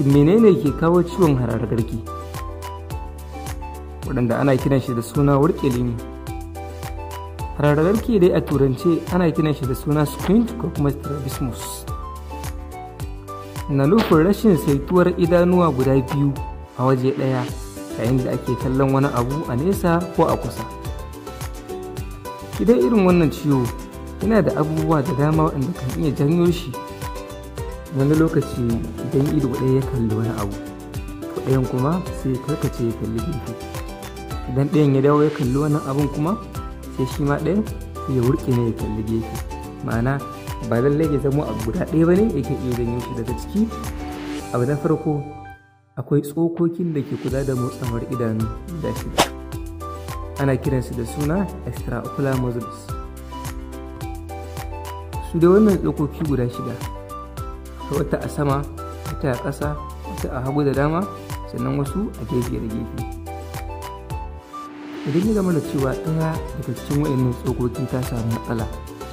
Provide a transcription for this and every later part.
shin menene ke kawo ciwon hararar waɗanda ana kiran shi da suna warkele ne dai a turance ana kiran shi da suna squint ko kuma strabismus na nufin rashin saituwar idanuwa guda biyu a waje ɗaya yayin da ake kallon wani abu a nesa ko a kusa idan irin wannan ciwo yana da abubuwa da dama waɗanda kan iya janyo shi wani lokaci idan ido ɗaya ya kalli wani abu to ɗayan kuma sai karkace ya kalli gefe idan ɗayan ya dawo ya kalli wani abun kuma sai shi ma ɗayan sai ya wurke ne ya kalli gefe ma'ana ba lallai ya zamo abu guda ɗaya ba ne yake iya ganin shi daga ciki abu na farko akwai tsokokin da ke kula da motsawar idanu da shida ana kiransu da suna extraocular muscles su da wannan tsokoki guda shida wata a sama wata a ƙasa wata a hagu da dama sannan wasu a gefe da gefe idan ya zama da cewa ɗaya daga cikin wayannan tsokoki ta samu matsala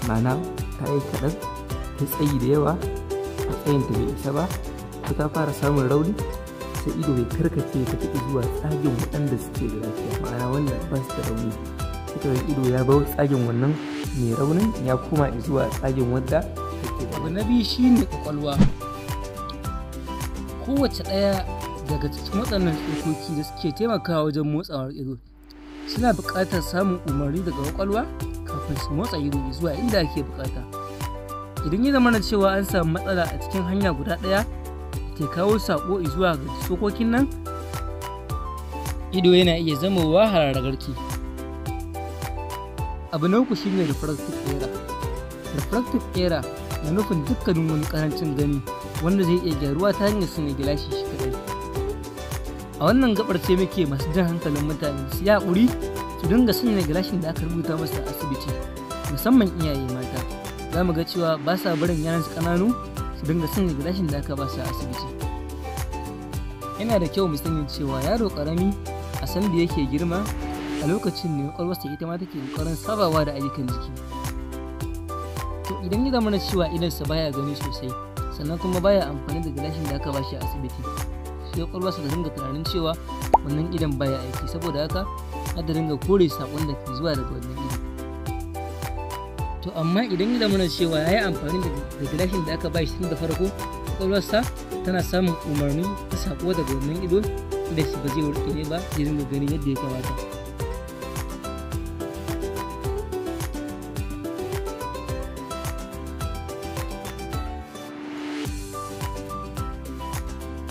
ma'ana ta yi kaɗan ta tsayi da yawa a tsayin tsayinta bai isa ba ko ta fara samun rauni sai ido bai karkace ta tafi zuwa tsagin waɗanda suke da lafiya ma'ana wanda ba su da rauni suka ido ya bau tsagin wannan mai raunin ya koma zuwa tsagin wadda abu na biyu shine kwakwalwa kowace ɗaya daga cikin waɗannan tsokoki da suke taimakawa wajen motsawar ido suna buƙatar samun umarni daga kwakwalwa kafin su motsa ido zuwa inda ake buƙata idan ya zama cewa an samu matsala a cikin hanya guda ɗaya ke kawo saƙo zuwa ga tsokokin nan ido yana iya zama wa hararragarki abu na uku shine refractive era. refractive na nufin dukkanin wani karancin gani wanda zai iya gyaruwa ta hanyar sanya gilashi shi kadai a wannan gabar ce muke masu jan hankalin mutane su ya ƙuri su dinga sanya gilashin da aka rubuta masa a asibiti musamman iyaye mata za mu ga cewa ba sa barin yaran su kananu su dinga sanya gilashin da aka ba su a asibiti yana da kyau mu sani cewa yaro karami a sanda yake girma a lokacin ne kwakwalwarsa ita ma take ƙoƙarin sabawa da ayyukan jiki to idan ya zama na cewa sa baya gani sosai sannan kuma baya amfani da gilashin da aka bashi a asibiti sai kwakwalwarsa da dinga tunanin cewa wannan idan baya aiki saboda haka har da dinga kore sakon da ke zuwa daga wannan idan to amma idan ya zama na cewa ya yi amfani da gilashin da aka bashi tun da farko sa tana samun umarni ta sako daga wannan ido da shi ba zai warke ne ba zai dinga ganin yadda ya kamata